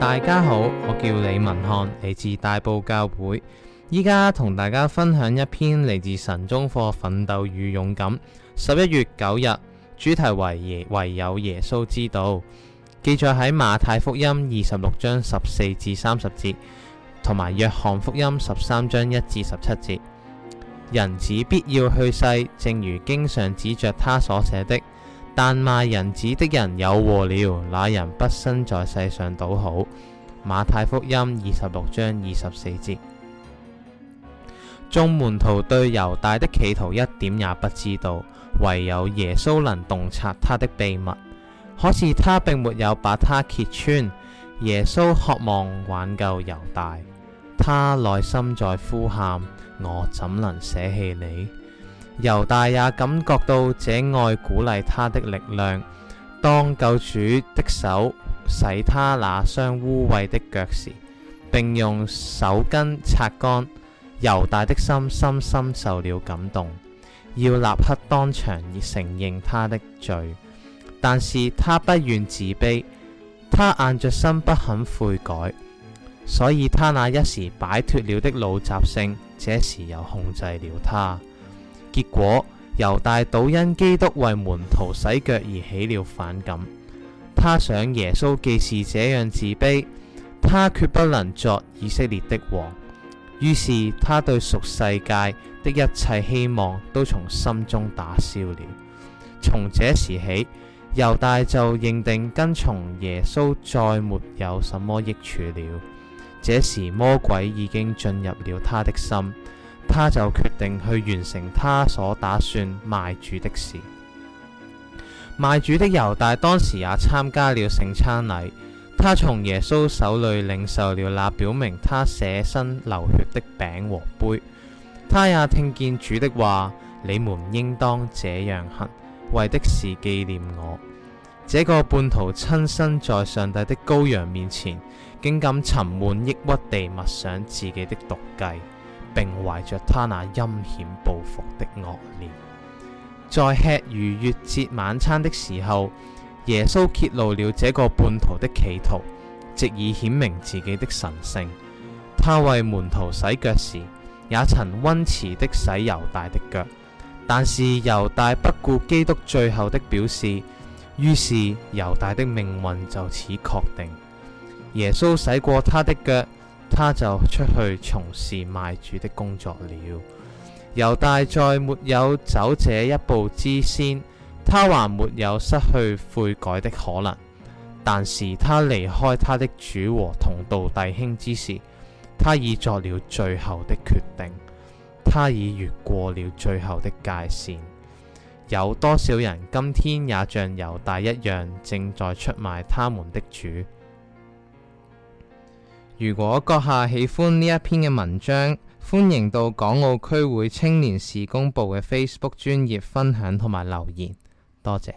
大家好，我叫李文漢，嚟自大埔教會，依家同大家分享一篇嚟自神中課《奮鬥與勇敢》，十一月九日，主題為耶唯有耶穌知道，記載喺馬太福音二十六章十四至三十節，同埋約翰福音十三章一至十七節。人子必要去世，正如經常指着他所寫的。但賣人子的人有禍了，那人不生在世上倒好。馬太福音二十六章二十四節。眾門徒對猶大的企圖一點也不知道，唯有耶穌能洞察他的秘密。可是他並沒有把他揭穿。耶穌渴望挽救猶大，他內心在呼喊：我怎能捨棄你？猶大也感覺到這愛鼓勵他的力量，當救主的手洗他那雙污穢的腳時，並用手巾擦乾，猶大的心深深受了感動，要立刻當場以承認他的罪，但是他不願自卑，他硬着心不肯悔改，所以他那一時擺脫了的老習性，這時又控制了他。結果猶大倒因基督為門徒洗腳而起了反感，他想耶穌既是這樣自卑，他決不能作以色列的王。於是他對屬世界的一切希望都從心中打消了。從這時起，猶大就認定跟從耶穌再沒有什麼益處了。這時魔鬼已經進入了他的心。他就決定去完成他所打算賣主的事。賣主的猶大當時也參加了聖餐禮，他從耶穌手裏領受了那表明他捨身流血的餅和杯。他也聽見主的話：你們應當這樣行，為的是紀念我。這個叛徒親身在上帝的羔羊面前，竟敢沉悶抑鬱地默想自己的毒計。並懷着他那陰險報復的惡念，在吃逾越節晚餐的時候，耶穌揭露了這個叛徒的企圖，藉以顯明自己的神聖。他為門徒洗腳時，也曾溫慈的洗猶大的腳，但是猶大不顧基督最後的表示，於是猶大的命運就此確定。耶穌洗過他的腳。他就出去從事賣主的工作了。猶大在沒有走這一步之先，他還沒有失去悔改的可能。但是他離開他的主和同道弟兄之時，他已作了最後的決定，他已越過了最後的界線。有多少人今天也像猶大一樣，正在出賣他們的主？如果閣下喜歡呢一篇嘅文章，歡迎到港澳區會青年事工部嘅 Facebook 專頁分享同埋留言，多謝。